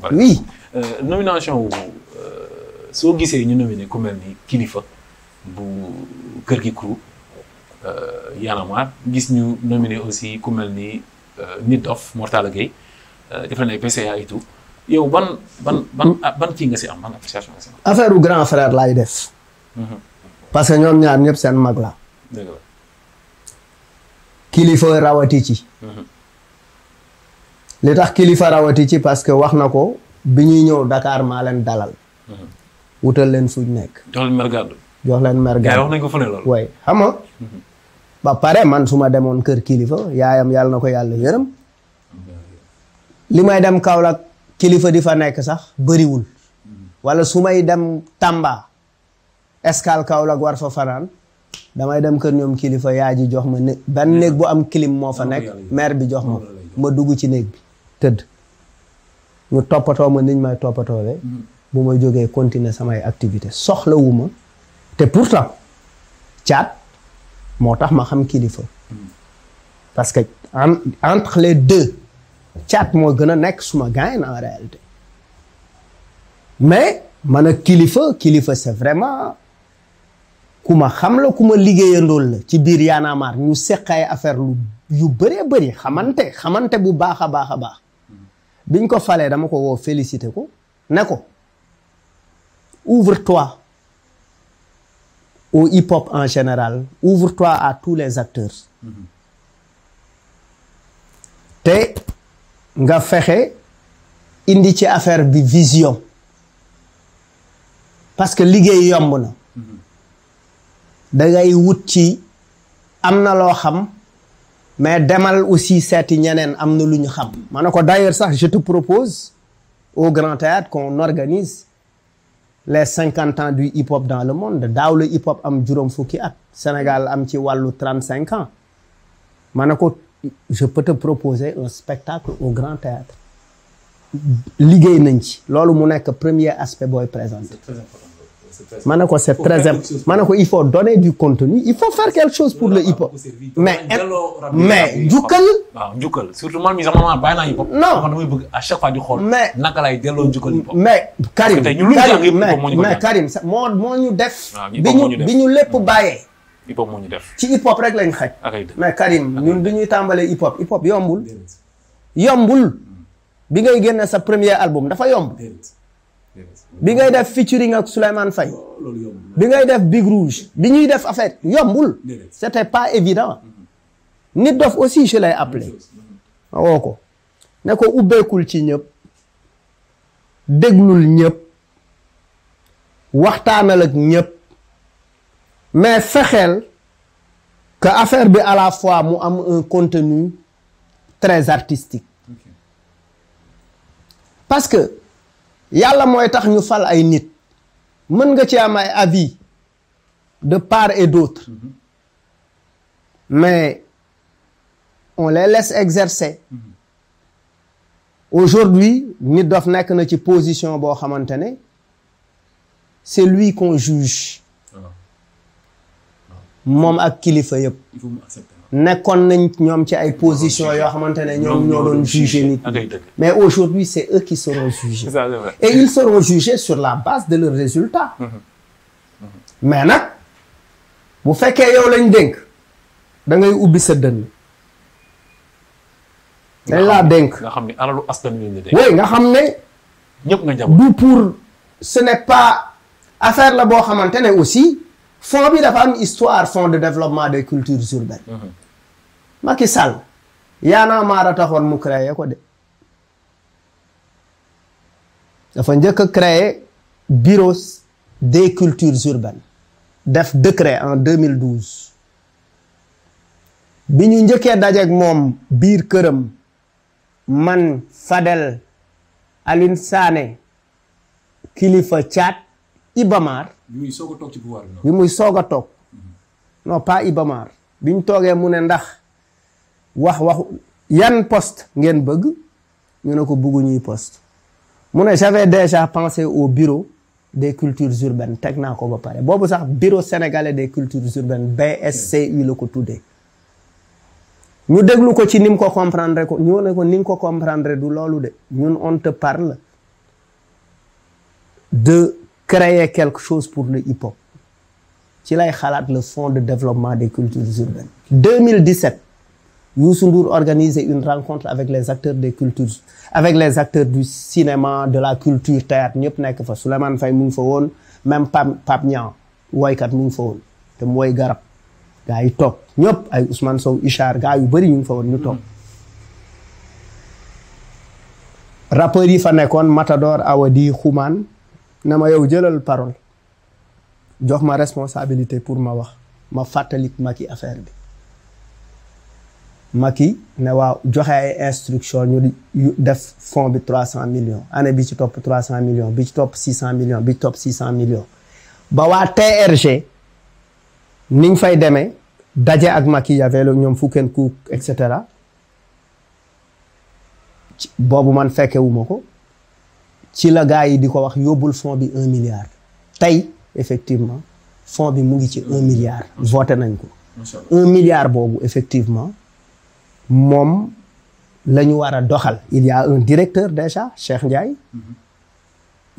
par exemple oui euh, nomination wu euh, soo gisee ñu nominé ku mel ni kilifa bu kër gi crew euh, yanamaar gis ñu nominé aussi ku mel ni nit dof Mortala Gueye def nañ PCA yow ban ban ban mm. ban kii nga si am ban appréciation nga si am. affaire u grand frère laay def. Mm-hmm. parce que ñoom ñaar ñëpp seen mag la. la. kilifa rawati ci. Mm-hmm. li tax kilifa rawati ci parce que wax na ko bi ñuy ñëw Dakar maa leen dalal. Mhm. wutal leen fuñ nekk. jox leen mer wax nañ ko fu ne loolu. way xam nga mhm. ba pare man su ma demoon kër kilifa yaayam yàlla na ko yàlla yërëm. Mhm. li may dem Kaolack kilifa di fa nekk sax bëriwul. wala su may dem Tamba. escale Kaolack war fa fanaan. damay dem kër ñoom kilifa yaa ji jox ma ne ban néeg bu am kilim moo fa nekk. maire bi jox ma ma dugg ci néeg bi. tëdd ñu toppatoo ma niñ may toppatoowee mm-hmm. bu ma jógee continuer samay activité soxlawuma te pourtant caat moo tax ma xam kilifa mm-hmm. parce que entre les deux caat moo gën a nekk suma gain en réalité mais man a kilifa kilifa c'est vraiment ku ma xam la ku ma liggéeyandool la ci biir yaanaamaar ñu seqaay affaire lu yu bëree bëri xamante xamante bu baax a baax a baax biñ ko falee dama ko woo félicité ko ne ko ouvre-toi au hip-hop en général ouvre-toi à tous les acteurs mm-hmm. te nga fexe indi ci affaire bi vision parce que liggéey yomb na mm-hmm. da ngay wut ci am na loo xam mais demal aussi seeti ñeneen am na lu ñu xam ma ne ko d'ailleurs sax je te propose au Grand Théâtre qu'on organise les cinquante ans du hip hop dans le monde daaw la hip hop am juróom fukki at Sénégal am ci wàllu trente cinq ans ma ne ko je peux te proposer un spectacle au Grand Théâtre liggéey nañ ci loolu mu nekk premier aspect booy présenter ma ne ko c'est très important ma ne ko il faut donner du contenu il faut faire quelque chose pour le hip hop. mais njukkal. njukkal surtout man mii sax man bàyyi bëgg à mais naka laay delloo njukkal hip hop. mais Karim mais sax moo moo ñu def. bi ñu bi ñu lépp bàyyee. hip hop moo ñu def. ci hip hop rek lañ xaj. mais Karim ñun bi ñuy tàmbalee hip hop hip hop yombul. yombul bi ngay génne sa premier album dafa yomb. bi ngay def featuring ak Souleymane Faye bi ngay def Big Rouge bi ñuy def affaire yombul c'était pas évident nit dof aussi je l'ai appelé ma ah, ko ne ko ubbeekul ci ñëpp déglul ñëpp waxtaanal ak ñëpp mais fexeel que affaire bi à la fois mu am un contenu très artistique parce yàlla mooy tax ñu fal ay nit mën nga ci am ay avis de part et d'autre mais on les laisse exercer aujourd'hui nit dof nekk na ci position boo xamante ne c'est lui qu'on juge ah. Ah. moom ak kilifa yëpp nekkoon nañ ñoom ci ay position yoo xamante ne ñoom ñoo doon juger nit mais aujourd'hui c'est eux qui seront jugés et ils seront jugés sur la base de leurs résultats mm-hmm. Mm-hmm. mais nag bu fekkee yow lañ dénk da ngay ubbi sa dënn dañ laa dénk nga xam ne alalu askan wi la nga xam ne ñëpp nga jàpp du pour ce n'est pas affaire la boo xamante ne aussi fonds bi dafa am histoire fonds de développement des cultures urbaines mhm. Macky Sall yaanaa maara taxoon mu créé ko de dafa njëkk a créé bureau des cultures urbaines def décret en 2012 bi ñu njëkkee dajeeg moom biir këram man Fadel Aline kilifa Thiat Ibamaar. bi muy soog a toog ci pouvoir bi soog a toog non pas Ibamaar bi ñu toogee mu ne ndax wax wax yan post ngeen bëgg ñu ne ko ñuy post mu ne j'avais déjà pensé au bureau des cultures urbaines teg naa ko ba pare boobu sax bureau sénégalais des cultures urbaines BSCU la ko tuddee ñu déglu ko ci ni mu ko comprendre ko ñu ne ko ni nga ko comprendre du loolu de ñun on te parle de créer quelque chose pour le hip-hop ci lay xalaat la fonds de développement des cultures urbaines 2017 Youssou Ndour organisait une rencontre avec les acteurs des cultures avec les acteurs du cinéma de la culture théâtre ñëpp nekk fa Souleymane Faye mu ngi fa woon même Pape Pape Niang woykat mu ngi fa woon te mu woy garab gaa yi toog ñëpp ay Ousmane Sow Ichar gaa yu bëri ñu ngi fa woon ñu toog rappeurs yi fa nekkoon Matador Awadi Xuman na ma yow jëlal parole jox ma responsabilité pour ma wax ma fàttalik Macky affaire bi Macky ne waaw joxe ay instruction ñu def fonds bi trois cent millions année bi ci topp trois cent millions bi ci topp six cent millions bi ci topp six cent millions ba waa TRG niñ fay demee daje ak Macky yavee la ñoom fukkeen kuuk et cetera boobu man fekkewuma ko ci la gars yi di ko wax yóbbul fond bi un milliard tey effectivement fond bi mu ngi ci un milliard voté nañ ko un milliard boobu effectivement moom la ñu war a doxal il y un directeur déjà Cheikh Ndiaye mm-hmm.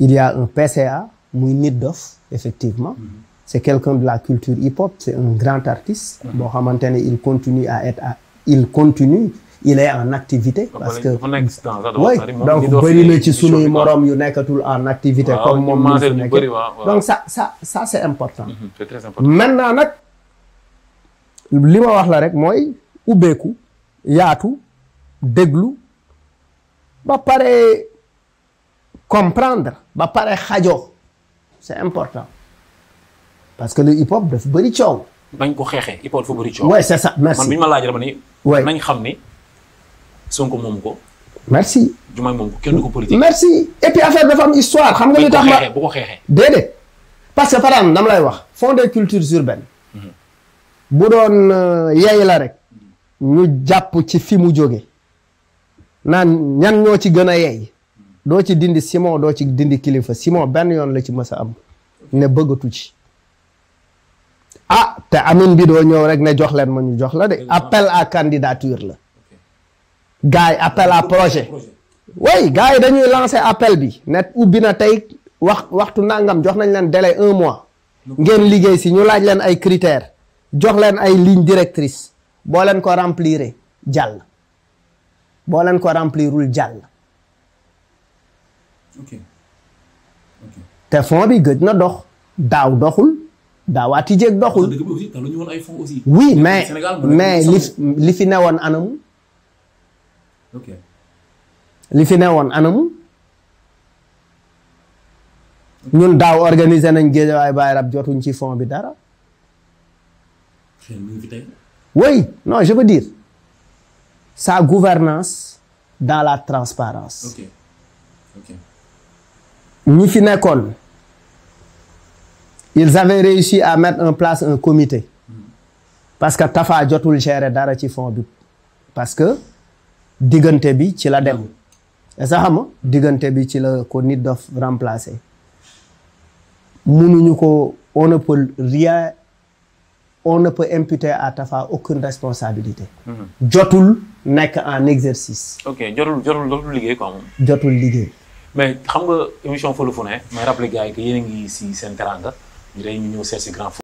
il y a un PCA muy nit dof effectivement mm-hmm. c'est quelqu'un de la culture hip-hop c'est un grand artiste mm-hmm. boo xamante ne il continue à être à il continue il est en activité. parce que oui donc bëri na ci sunuy morom yu nekkatul en activité. comme moom mu fi nekkee donc ça ça ça c' est important. Mhm, c' est très important maintenant nag li ma rek mooy ubbeeku yaatu déglu ba pare comprendre ba pare xajo c' est important parce que le hip hop daf bëri coow. bañ ko xeexee hip hop dafa bëri coow. oui c' ça merci man bi ma laaj dama ni. xam ni. Sonko moom ko. merci Diomaye moom ko kenn du merci et affaire dafa am histoire. xam nga li tax ma bu ko xeexee déedéet parce que par exemple lay wax fond de cultures urbaines. Mhm. bu doon euh, yeey la rek. ñu jàpp ci fi mu jóge naan ñan ñoo ci gën a yey doo ci dindi Simon doo ci dindi kilifa Simon benn yoon la ci mës a am. ne bëggatu ci. ah te amin bi doo ñëw rek ne jox leen ma ñu jox la de. appel à candidature la. gars yi appel projet way gars yi dañuy lancer appel bi ne ubbi na tey wax waxtu nangam jox nañ leen délai un mois ngeen liggéey si ñu laaj leen ay critères jox leen ay ligne directrice boo leen ko remplir jàll boo leen ko remplirul jàll te fond bi gëj na dox daaw doxul daawaati jéeg doxul oui mais mais li li fi newoon anamu li fi newoon anamu ñun daaw organiser nañ Géejawaay Baay Rab jotuñ ci fond bi dara. oui non je veux dire sa gouvernance dans la transparence ñi fi nekkoon ils avaient réussi à mettre en place un comité mm. parce que Tafa jotul gérer dara ci fond bi parce que diggante bi ci la dem est-ce que xam diggante bi ci la ko nit dof remplacer mënuñu ko on ne peut rien on ne peut imputer à Tafa aucune responsabilité. Mhm. jotul nekk en exercice. ok jotul jotul liggéey ko moom. jotul liggéey. mais xam nga émission Fallou Founé may rappelé gars yi que yéen a ngi si seen teranga ñu day ñu ñëw seet si grand